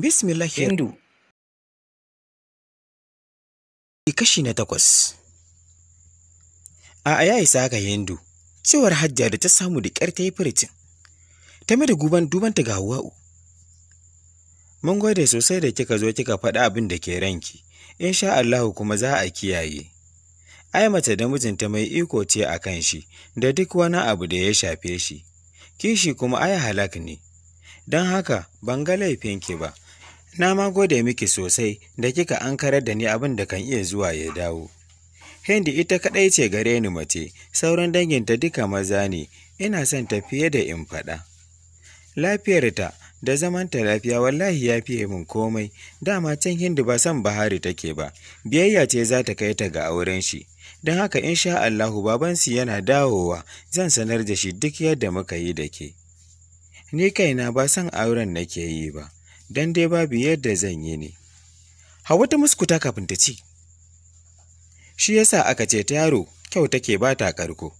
Bismillah. Hindu. Kashi na takwas. A ya isa ga Hindu, cewar hajja da ta samu da ƙyar ta yi furicin. Ta mai da guban dubanta ga Hawwa'u. Mun gode sosai da kika zo kika faɗa abin da ke ranki, in sha Allahu kuma za a kiyaye. Ai mace da mijinta mai iko ce a kan shi da duk wani abu da ya shafe shi, kishi kuma ai halak ne. Don haka ban ga laifin ki ba, Na ma gode miki sosai da kika ankarar da ni abin da kan iya zuwa ya dawo. Hindi ita kaɗai ce gare ni mace, sauran danginta duka maza ne, ina son ta fiye da in faɗa. Lafiyarta da zaman ta lafiya wallahi ya fiye min komai, dama can Hindi ba son Bahari take ba, biyayya ce za ta kai ta ga auren shi. Don haka insha Allahu babansu yana dawowa zan sanar da shi duk yadda muka yi da ke. Ni kaina ba son auren nake yi ba. don dai babu yadda zan yi ne. Hawa ta muskuta kafin ta ci. Shi yasa aka ce ta yaro kyau take ba ta ƙarko.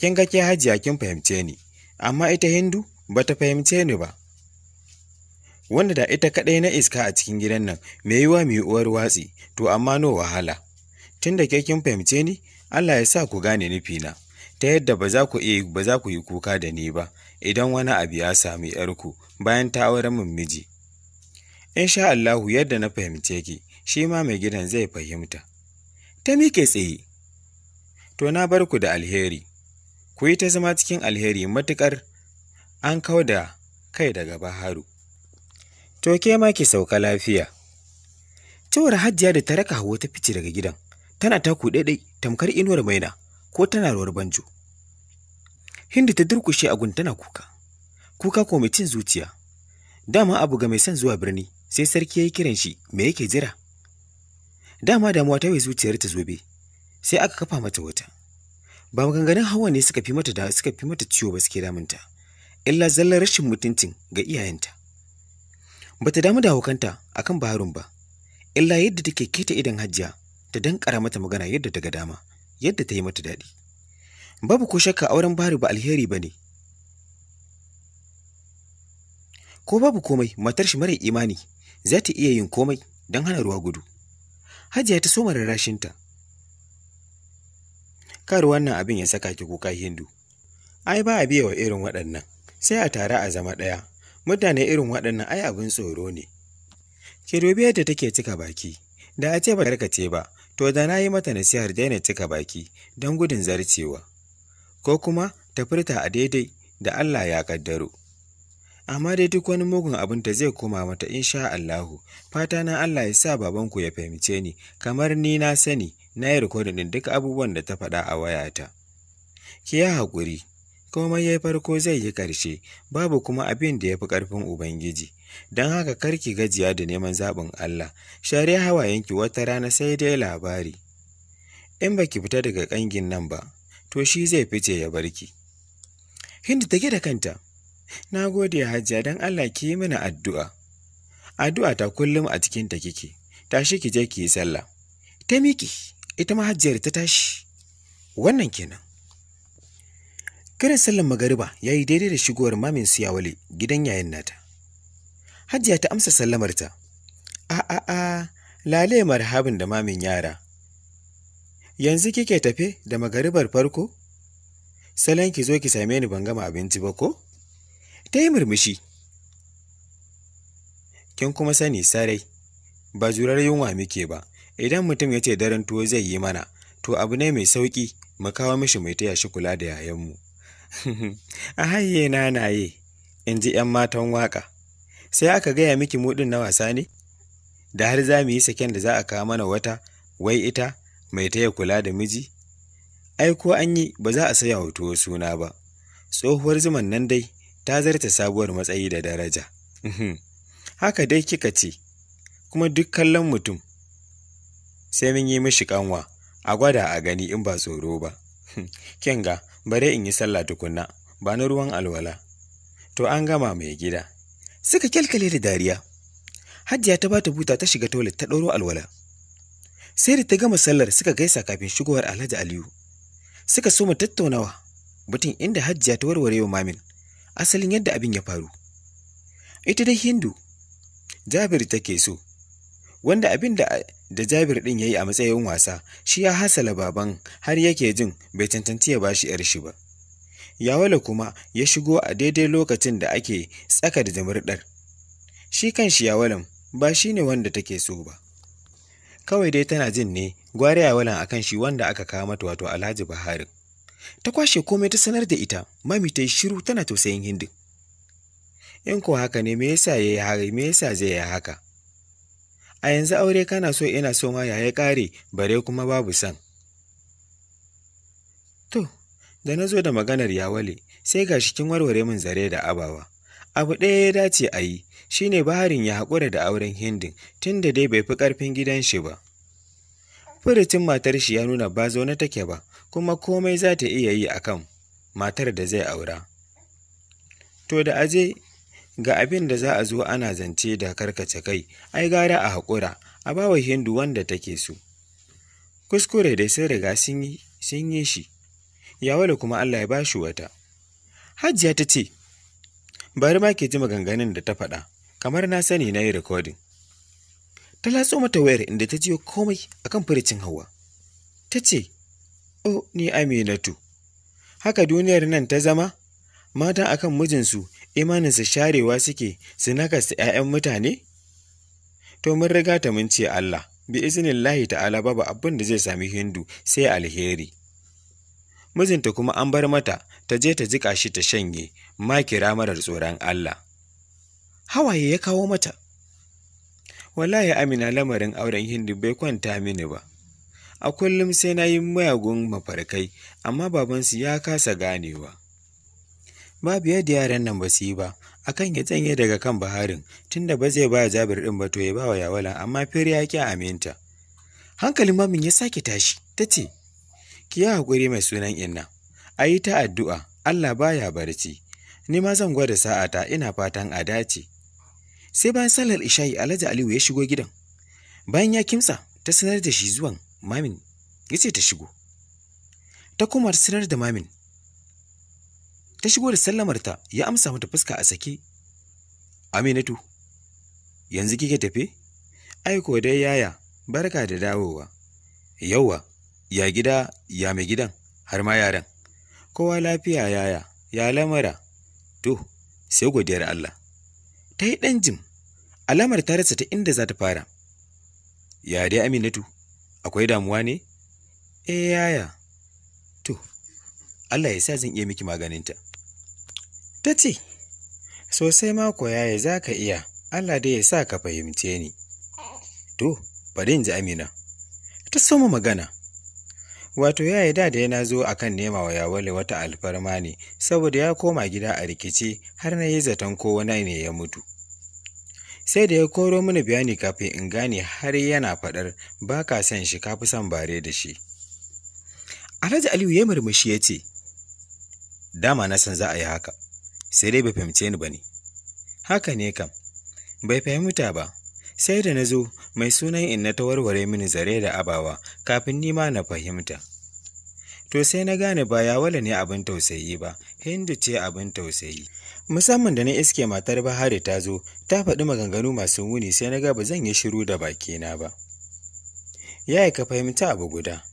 Kin ga ke hajiya kin fahimce ni, amma ita Hindu ba ta fahimce ni ba. Wanda da ita kaɗai na iska a cikin gidan nan, mai yiwa mai uwar watsi, to amma no wahala. Tun da ke kin fahimce ni, Allah ya sa ku gane nufina, ta yadda ba za ba za ku yi kuka da ni ba, idan wani abu ya sami ‘yarku bayan ta aure min miji. In sha Allahu yadda na fahimce ki, shi ma mai gidan zai fahimta. Ta mike tsaye, to na bar ku da alheri, ku yi ta zama cikin alheri matuƙar an kau da kai daga Baharu. To ke ma ki sauka lafiya. Cewar hajjiya da ta raka hawa ta fice daga gidan, tana taku ɗai-ɗai tamkar inuwar maina ko tana ruwar banjo. Hindi ta durkushe a tana kuka. Kuka ko mai cin zuciya. Dama abu ga mai son zuwa birni sai sarki ya yi kiran shi me yake jira. Dama damuwa ta wai zuciyar ta zobe. Sai aka kafa mata wata. Ba maganganun hawa ne suka fi mata da suka fi mata ciwo ba suke damunta. Illa zallar rashin mutuncin ga iyayenta. ba ta damu da hukanta akan baharun ba. Illa yadda take keta idan hajjiya ta dankara mata magana yadda ta ga dama, yadda ta yi mata daɗi. babu ko shakka auren bari ba alheri ba ne ko babu komai matar shi mara imani za ta iya yin komai don hana ruwa gudu hajiya ta soma rarrashinta kar wannan abin ya saka ki kuka hindu ai ba a biya wa irin waɗannan sai a tare a zama ɗaya mutane irin waɗannan ai abin tsoro ne ke dubi yadda take cika baki da a ce ba ce ba to da na yi mata nasihar daina cika baki don gudun zarcewa ko kuma ta furta a daidai da Allah ya kaddaro. Amma dai duk wani mugun abin da zai koma mata in sha Allahu, fata na Allah ya sa babanku ya fahimce ni, kamar ni na sani na yi rikodin duk abubuwan da ta faɗa a wayata. Ki ya haƙuri, komai ya farko zai yi ƙarshe, babu kuma abin da ya fi ƙarfin Ubangiji, don haka kar ki gajiya da neman zaɓin Allah, share hawayenki wata rana sai dai labari. In ba ki fita daga ƙangin nan ba, to shi zai fice ya barki. Hindu take da kanta, na gode hajiya don Allah ki yi mana addu'a. Addu'a ta kullum a cikin ta kike, tashi ki je ki yi sallah. Ta miki, ita ma hajiyar ta tashi. Wannan kenan. Karin sallan magariba ya yi daidai da shigowar mamin wale, gidan yayin nata. Hajiya ta amsa sallamarta. A a a, lale marhabin da mamin yara. yanzu kike tafe da magaribar farko salon ki zo ki same ni ban gama abinci ba ko ta yi murmushi kin kuma sani sarai ba jurar yunwa muke ba idan mutum ya ce daren tuwo zai yi mana to abu ne mai sauƙi mu kawo mishi mai taya shi kula da yayanmu a haye nanaye in ji 'yan matan waƙa sai aka gaya miki mudin na wasa ne da har za mu yi saken da za a kawo mana wata wai ita mai taya kula da miji? Ai ko an yi ba za a saya wa tuwo suna ba, tsohuwar zuman nan dai ta zarta sabuwar matsayi da daraja. Uhm, haka dai kika ce, kuma duk kallon mutum sai mun yi mishi kanwa a gwada a gani in ba tsoro ba. Uhm, Kenga, bare in yi sallah tukunna, ba na ruwan alwala. To an gama mai gida. Suka kyalkale da dariya. Hajiya ta bata buta ta shiga tolet ta ɗoro alwala. sai da ta gama sallar suka gaisa kafin shigowar alhaji aliyu suka so mu tattaunawa batun inda hajjiya ta warware wa mamin asalin yadda abin ya faru ita dai hindu jabir take so wanda abin da da jabir din ya yi a matsayin wasa shi ya hasala baban har yake jin bai cancanci ya bashi yar shi ba yawala kuma ya shigo a daidai lokacin da ake tsaka da jamurdar shi kan shi yawalan ba shi ne wanda take so ba kawai dai tana jin ne gwari a walan akan shi wanda aka kawo mata wato alhaji Buhari. ta kwashe komai ta sanar da ita mami ta yi shiru tana tausayin hindu. in ko haka ne me yasa yayi haka me yasa zai yi haka a yanzu aure kana so ina so ma yaya kare bare kuma babu san to da na zo da maganar yawale sai ga shi kin warware min zare da abawa Abu ɗaya ya dace a yi shi ne Baharin ya haƙura da auren Hindin tun da dai bai fi ƙarfin gidan shi ba. furitin matar shi ya nuna ba zaune take ba kuma komai za ta iya yi a kan matar da zai aura. To da aje ga abin da za a zo ana zance da karkace kai ai gara a haƙura a bawa Hindu wanda take so. Kuskure dai sun riga sun yi shi, yawale kuma Allah ya bashi wata. Hajiya ta ce, bari ma ke ji maganganun da ta faɗa kamar na sani na yi rikodin ta laso mata wayar inda ta jiyo komai akan furicin hawa ta ce o ni aminatu haka duniyar nan ta zama mata akan mijinsu imaninsu sharewa suke su nakasta 'ya'yan mutane to mun riga ta mun ce allah bi izinin lahi ta'ala babu abin da zai sami hindu sai alheri mijinta kuma an bar mata ta je ta jika shi ta shanye makira marar tsoron Allah. Hawaye ya kawo mata. ya Amina lamarin auren Hindu bai kwanta mini ba. A kullum sai na yi mayagun mafarkai, amma babansu ya kasa ganewa. Babu yadda yaran nan ba su yi ba, akan ya tsanye daga kan baharin, tunda ba zai ba Jabir ɗin ba to ya ba wa Yawala, amma fir ya ki aminta. Hankalin mamin ya sake tashi, ta ce, Kiya yi haƙuri mai sunan inna, a yi ta addu'a, Allah baya barci. Ni ma zan gwada sa'ata ina fatan a dace. Sai bayan sallar isha'i Alhaji Aliyu ya shigo gidan. Bayan ya kimsa, ta sanar da shi zuwan mamin ya ce ta shigo. Ta kuma sanar da mamin. Ta shigo da sallamarta ya amsa mata fuska a sake. Aminatu, yanzu kike tafe? Aiko ko dai yaya, barka da dawowa. Yauwa, ya gida ya mai gidan har ma yaran kowa lafiya yaya ya lamara to sai godiyar Allah ta yi ɗan jim alamar ta rasa ta inda za ta fara ya dai aminatu akwai damuwa ne e yaya to Allah ya sa zan iya miki maganinta ta ce sosai mako yaya za ka iya Allah dai ya sa ka fahimce ni to bari in ji amina ta soma magana Wato ya yi da yana na zo kan nema wa Yawale wata alfarma ne, saboda ya koma gida a rikici har na yi zaton ko ne ya mutu. Sai da ya koro mini bayani kafin in gane har yana faɗar ba ka son shi ka fi son bare da shi. Alhaji Aliyu ya murmushi ya ce, Dama na san za a yi haka, sai dai bai fahimce ni ba ne. Haka ne kam, bai fahimta ba, sai da na zo mai sunan inna ta warware mini zare da abawa kafin nima na fahimta to sai na gane ba ya wala ne abin tausayi ba hindu ce abin tausayi musamman da na iske matar bahari ta zo ta faɗi maganganu masu wuni sai na ga ba zan yi shiru da bakina ba Ya ka fahimci abu guda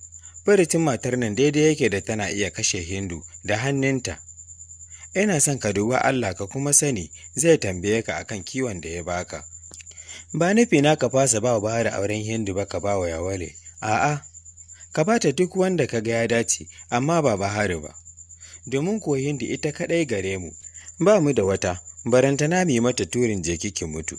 furitin matar nan daidai yake da tana iya kashe hindu da hannunta ina son ka duba allah ka kuma sani zai tambaye ka akan kiwon da ya baka Ba nufi na ka fasa ba wa Bahar auren Hindu ba ka ba wa Yawale, a'a, ka ba ta duk wanda ka ga ya dace, amma ba Baharu ba. Domin kuwa Hindu ita kaɗai gare mu, ba mu da wata, barantana mai mata turin jeki ki mutu.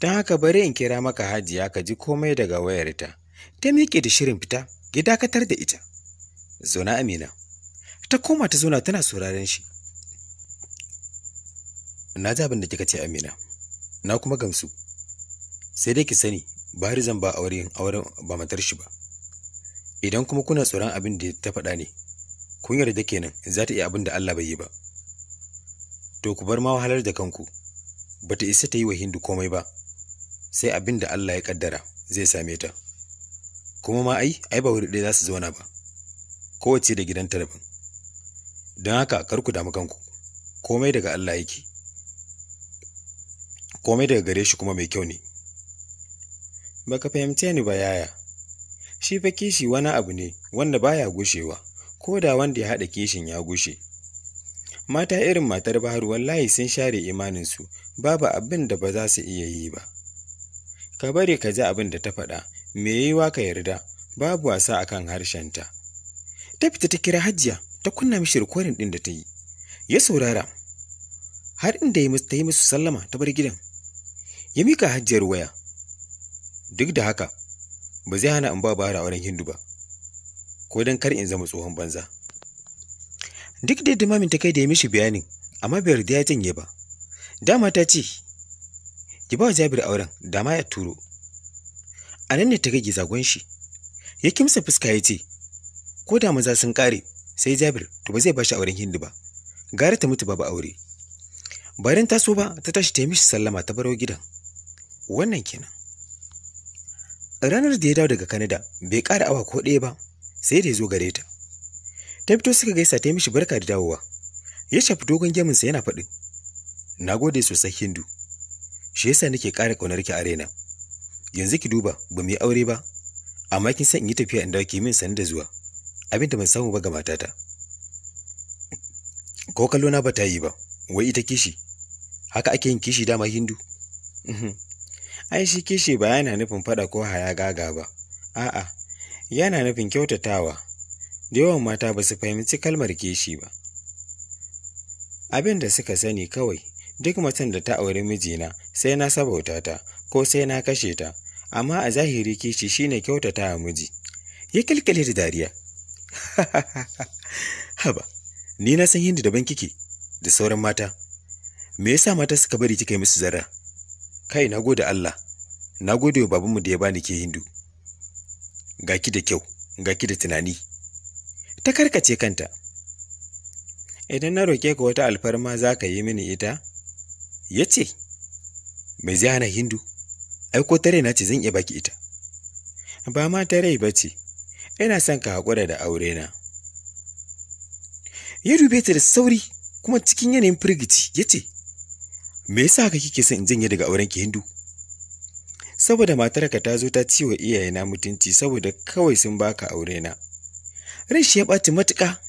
Don haka bari in kira maka hajiya ka ji komai daga wayarta, ta miƙe da shirin fita, ki dakatar da ita. Zona Amina, ta koma ta zona tana sauraren shi. Na ji abin da kika ce Amina, na kuma gamsu. sai dai ki sani ba barizan ba auren auren ba matar shi ba idan kuma kuna tsoron abin da ta faɗa ne kun yarda kenan za ta iya abin da Allah bai yi ba to ku bar ma wahalar da kanku ba ta isa ta yi wa hindu komai ba sai abin da Allah ya kaddara zai same ta kuma ma ai ai ba wuri ɗaya za su zauna ba kowace da gidan daban don haka kar ku damu kanku komai daga Allah yake komai daga gare shi kuma mai kyau ne Baka fahimce ni ba yaya. Shi fa kishi wani abu ne wanda baya gushewa, ko da wanda ya haɗa kishin ya gushe. Mata irin matar Baharu wallahi sun share imaninsu, babu abin da ba za su iya yi ba. Ka bari ka ji abin da ta faɗa, me yiwa ka yarda, babu wasa akan harshenta. Ta fita ta kira hajiya, ta kunna mishi rikorin ɗin da ta yi. Ya saurara, har inda ta yi musu sallama ta bar gidan. Ya mika hajiyar waya, duk da haka ba zai hana in ba bara wurin hindu ba ko don kar in zama tsohon banza duk da yadda mamin ta kai da ya mishi bayanin amma bai yarda ya janye ba dama ta ce ki ba jabir auren dama ya turo a nan ne ta kai zagon shi ya kimsa fuska ya ce ko da maza sun kare sai jabir to ba zai ba shi auren hindu ba gara ta mutu babu aure bayan taso ba ta tashi ta yi mishi sallama ta baro gidan wannan kenan Ranar da ya dawo daga Kanada bai kara awa ko ɗaya ba sai da ya zo gare ta. Ta fito suka gaisa ta yi mishi barka da dawowa. Ya shafi dogon gemunsa yana faɗin. Na gode sosai Hindu. Shi yasa nake kara ƙaunar ki a raina. Yanzu ki duba ba mu yi aure ba amma kin san in yi tafiya in dawo ki min sani da zuwa. Abin da ban samu ba ga matata. Ko kallo na ba ta yi ba, wai ita kishi. Haka ake yin kishi dama Hindu. Uhm. ai shi kishi ba yana nufin faɗa ko haya gaga ba a'a yana nufin kyautatawa da yawan mata ba su fahimci kalmar kishi ba abin da suka sani kawai duk matan da ta auri mijina sai na sabauta ta ko sai na kashe ta amma a zahiri kishi shine kyautatawa miji ya kilkile da dariya haba ni na san yadda daban kike da sauran mata me yasa mata suka bari kika yi musu zarra kai na gode Allah na gode wa babanmu da ya bani ke hindu ga ki da kyau ga ki da tunani ta karkace kanta idan na roke ka wata alfarma za ka yi mini ita ya ce mai zai hana hindu ai ko tare na ce zan iya baki ita ba ma rai ba ce ina son ka haƙura da aure na ya dube ta da sauri kuma cikin yanayin firgici ya ce me yasa ka kike son in janye daga auren ki hindu saboda matarka ta zo ta ciwo iyayena mutunci saboda kawai sun baka aure na ran shi ya ɓaci matuƙa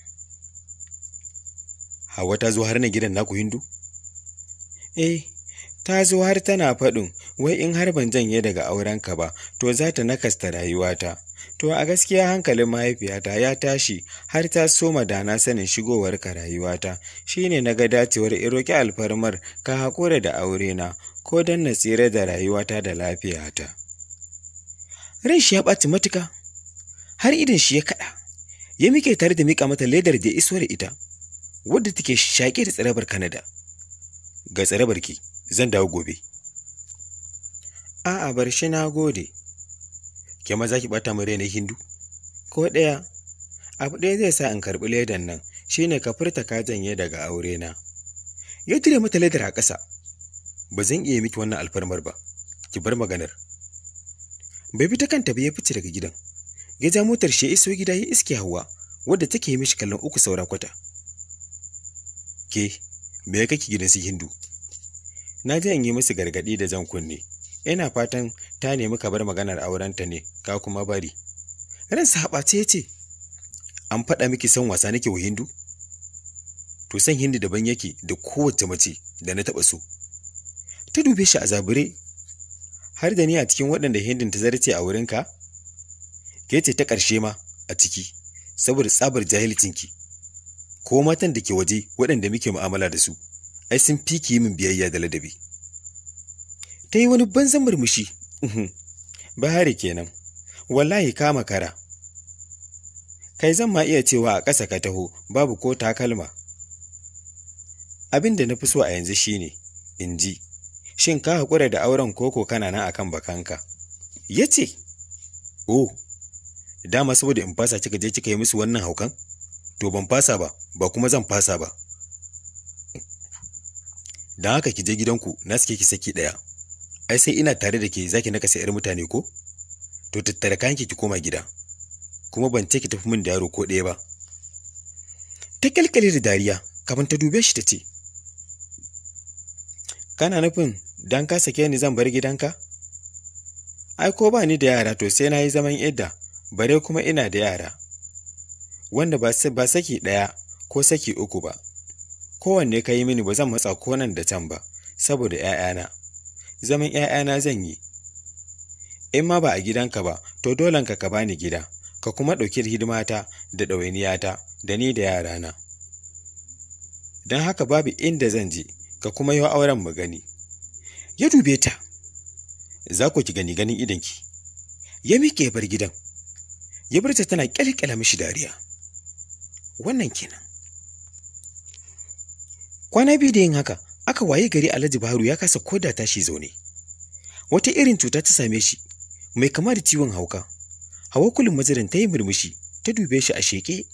hawa ta zo har na gidan naku hindu eh ta zo har tana faɗin wai in har ban janye daga aurenka ba to za ta nakasta rayuwata to a gaskiya hankalin mahaifiyata ya tashi har ta soma dana sanin shigowar ka rayuwata shine na ga dacewar in alfarmar ka haƙura da aure na, ko don na tsira da rayuwata da lafiyata ran shi ya ɓaci matuka har idan shi ya kaɗa ya mike tare da miƙa mata ledar da isuwar ita wadda take shaƙe da tsarabar kanada ga ki, zan dawo gobe A'a bar shi na gode. Ke maza ki bata mu na Hindu? Ko ɗaya, abu ɗaya zai sa in karɓi ledan nan shi ne ka furta ka janye daga aure na. Ya tire mata ledar a ƙasa. Ba zan iya miki wannan alfarmar ba, ki bar maganar. Bai bi ta kanta ba ya fice daga gidan. Ya ja motar shi ya iso gida ya iske Hauwa wadda take mishi kallon uku saura kwata. Ke, me ki kake gidan su Hindu? Na je in yi musu gargadi da zan kunne. ina fatan ta nemi ka bar maganar aurenta ne ka kuma bari ran saɓace ya ce an faɗa miki san wasa nake wa hindu to son hindu daban yake da kowace mace da na taɓa so ta dube shi a zabure har da ni a cikin waɗanda hindun ta zarce a wurinka ke ce ta ƙarshe ma a ciki saboda tsabar ki? ko matan da ke waje waɗanda muke mu'amala da su ai sun fi min biyayya da ladabi ta yi wani banza murmushi bahari kenan wallahi kama kara kai zan ma iya cewa a ƙasa ka taho babu ko takalma abin da na fi so a yanzu shine in ji shin ka haƙura da auren koko kana nan akan bakanka ya ce oh dama saboda in fasa kika je kika yi musu wannan haukan to ban fasa ba ba kuma zan fasa ba don haka ki je gidanku na suke ki saki ɗaya ai sai ina tare da ke zaki naka sai yar mutane ko to tattara kanki ki koma gida kuma ban ce ki tafi min da yaro ko ɗaya ba ta kalkale da dariya kafin ta dube shi ta ce kana nufin dan ka sake ni zan bar gidanka ai ko ba ni da yara to sai na yi zaman idda bare kuma ina da yara wanda ba saki ɗaya ko saki uku ba kowanne ka yi mini ba zan matsa ko nan da can ba saboda ‘ya'yana zaman ‘ya'yana zan yi. In ma ba a gidanka ba, to dolenka ka bani gida, ka kuma ɗauki hidimata da ɗawainiyata da ni da yarana. Don haka babu inda zan je, ka kuma yi auren mu gani. Ya dube ta, za ku ki gani ganin idanki. Ya miƙe bar gidan, ya bar ta tana ƙyalƙyala mishi dariya. Wannan kenan. Kwana biyu da yin haka, aka waye gari alhaji baharu ya kasa koda tashi zaune wata irin cuta ta same shi mai kama da ciwon hauka hawa kulin mazarin ta yi murmushi ta dube shi a sheke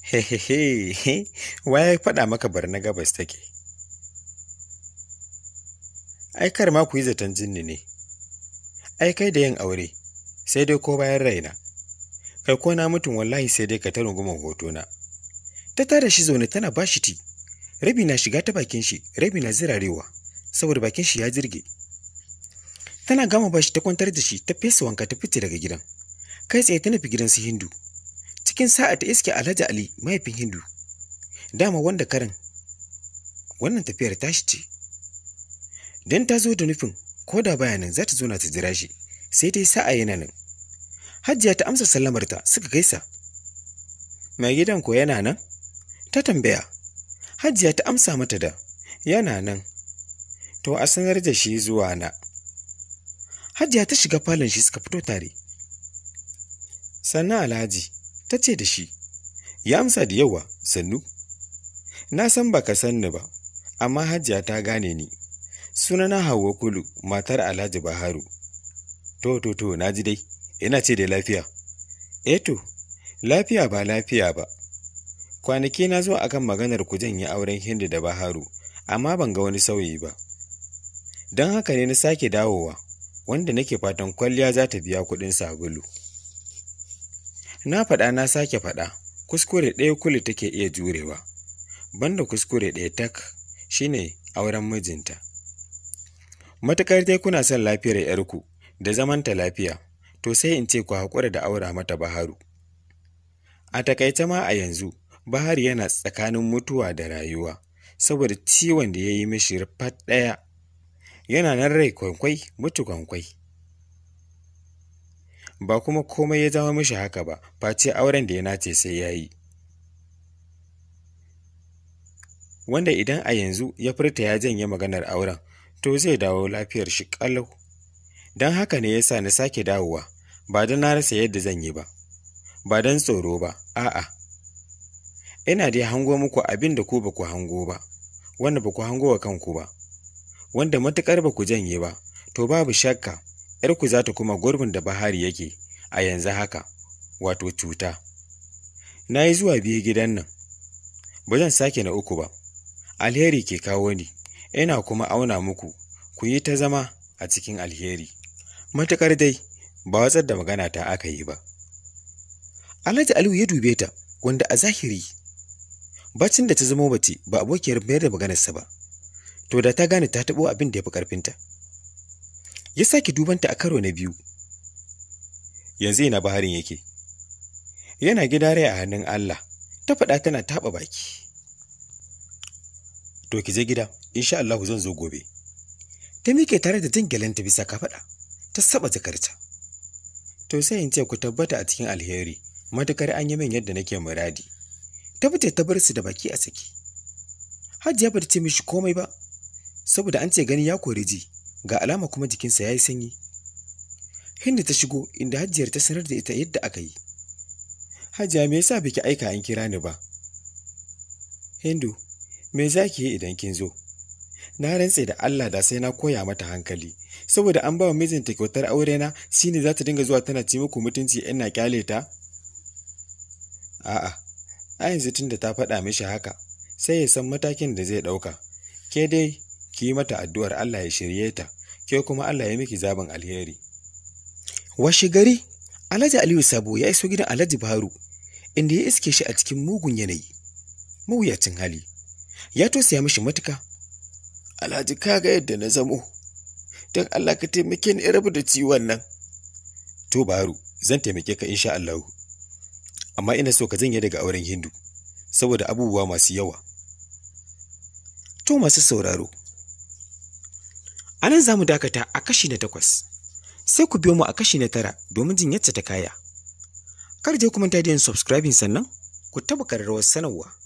hehehe waya faɗa maka bar na gabas take ai kar ma ku yi zaton jinni ne ai kai da yin aure sai dai ko bayan raina kai ko na mutum wallahi sai dai ka ta rungumar hotona ta tara shi zaune tana bashi shi ti rabi na shiga ta bakin shi rabi na zirarewa saboda bakin shi ya jirge tana gama ba shi ta kwantar da shi ta fesa wanka ta fice daga gidan kai tsaye ta nufi gidan su hindu cikin sa'a ta iske alhaji ali mahaifin hindu dama wanda karin wannan tafiyar tashi ce don ta zo da nufin ko da bayanin zata za ta zo na ta jira shi sai dai sa'a yana nan hajjiya ta amsa sallamarta suka gaisa mai gidan ko yana nan ta tambaya hajiya ta amsa mata da yana nan to a sanar da shi zuwa na hajiya ta shiga falon shi suka fito tare sannan alhaji ta ce da shi ya amsa da yawa sannu na san baka san ni ba amma hajiya ta gane ni suna na hawa kulu matar alhaji baharu to to to na ji dai ina ce da lafiya eto eh lafiya ba lafiya ba Kwanaki na zo akan maganar ku janye auren Hindu da Baharu, amma ban ga wani sauyi ba. Don haka ne na sake dawowa, wanda nake fatan kwalliya za ta biya kuɗin sabulu. Na faɗa na sake faɗa, kuskure ɗaya kuli take iya jurewa, banda kuskure ɗaya tak shi ne auren mijinta. Matuƙar dai kuna son lafiyar 'yarku da zamanta lafiya, to sai in ce ku haƙura da aura mata Baharu. A takaice ma a yanzu, Bahar yana tsakanin mutuwa da rayuwa saboda ciwon da ya yi mishi rufat ɗaya. Yana nan rai kwankwai mutu kwankwai. Ba kuma komai ya zama mishi haka ba, face auren da ya nace sai ya yi. Wanda idan a yanzu ya furta ya janye maganar auren, to zai dawo lafiyar shi ƙalau. Don haka ne ya sa na sake dawowa, ba don na rasa yadda zan yi ba, ba don tsoro ba, a'a. ina dai hango muku abin da ku ba ku hango ba wanda ba ku hango wa kanku ba wanda matuƙar ba ku janye ba to babu shakka ‘yarku za ta kuma gurbin da bahari yake a yanzu haka wato cuta na yi zuwa biyu gidan nan ba zan sake na uku ba alheri ke kawo ni ina kuma auna muku ku yi ta zama a cikin alheri matuƙar dai ba watsar da magana ta aka yi ba alhaji aliyu ya dube ta wanda a zahiri bacin da ta zama bace ba abokiyar bayar da maganarsa ba to da ta gane ta taɓo abin da ya fi ƙarfinta ya sake dubanta a karo na biyu yanzu ina baharin yake yana gida rai a hannun Allah ta faɗa tana taɓa baki to ki je gida insha Allah zan zo gobe ta miƙe tare da ta bisa kafaɗa ta saba jakarta to sai in ce ku tabbata a cikin alheri matukar an yi min yadda nake muradi ta fita ta bar su da baki a saki hajiya ba ta ce mishi komai ba saboda an ce gani ya kori ji ga alama kuma jikinsa ya yi sanyi hinda ta shigo inda hajiyar ta sanar da ita yadda aka yi hajiya me yasa biki aika an kira ni ba hindu me za ki yi idan kin zo na rantse da allah da sai na koya mata hankali saboda an ba wa mijinta kyautar aure na shine za ta dinga zuwa tana ci muku mutunci ina kyale ta a'a a yanzu tunda ta faɗa mishi haka sai ya san matakin da zai ɗauka ke dai ki yi mata addu'ar Allah ya shirye ta ke kuma Allah ya miki zaben alheri washe gari Alhaji Aliyu Sabo ya iso gidan Alhaji Baharu inda ya iske shi a cikin mugun yanayi mawuyacin hali ya tosaya mishi matuka Alhaji ka ga yadda na zamo don Allah ka taimake ni rabu da ciwon nan to Baharu zan taimake ka insha allahu amma ina so ka janye daga auren hindu saboda abubuwa masu yawa to masu sauraro a nan za mu dakata a kashi na takwas sai ku biyo mu a kashi na tara domin jin yadda ta kaya kar je ku manta da yin subscribing sannan ku taba kararrawar sanarwa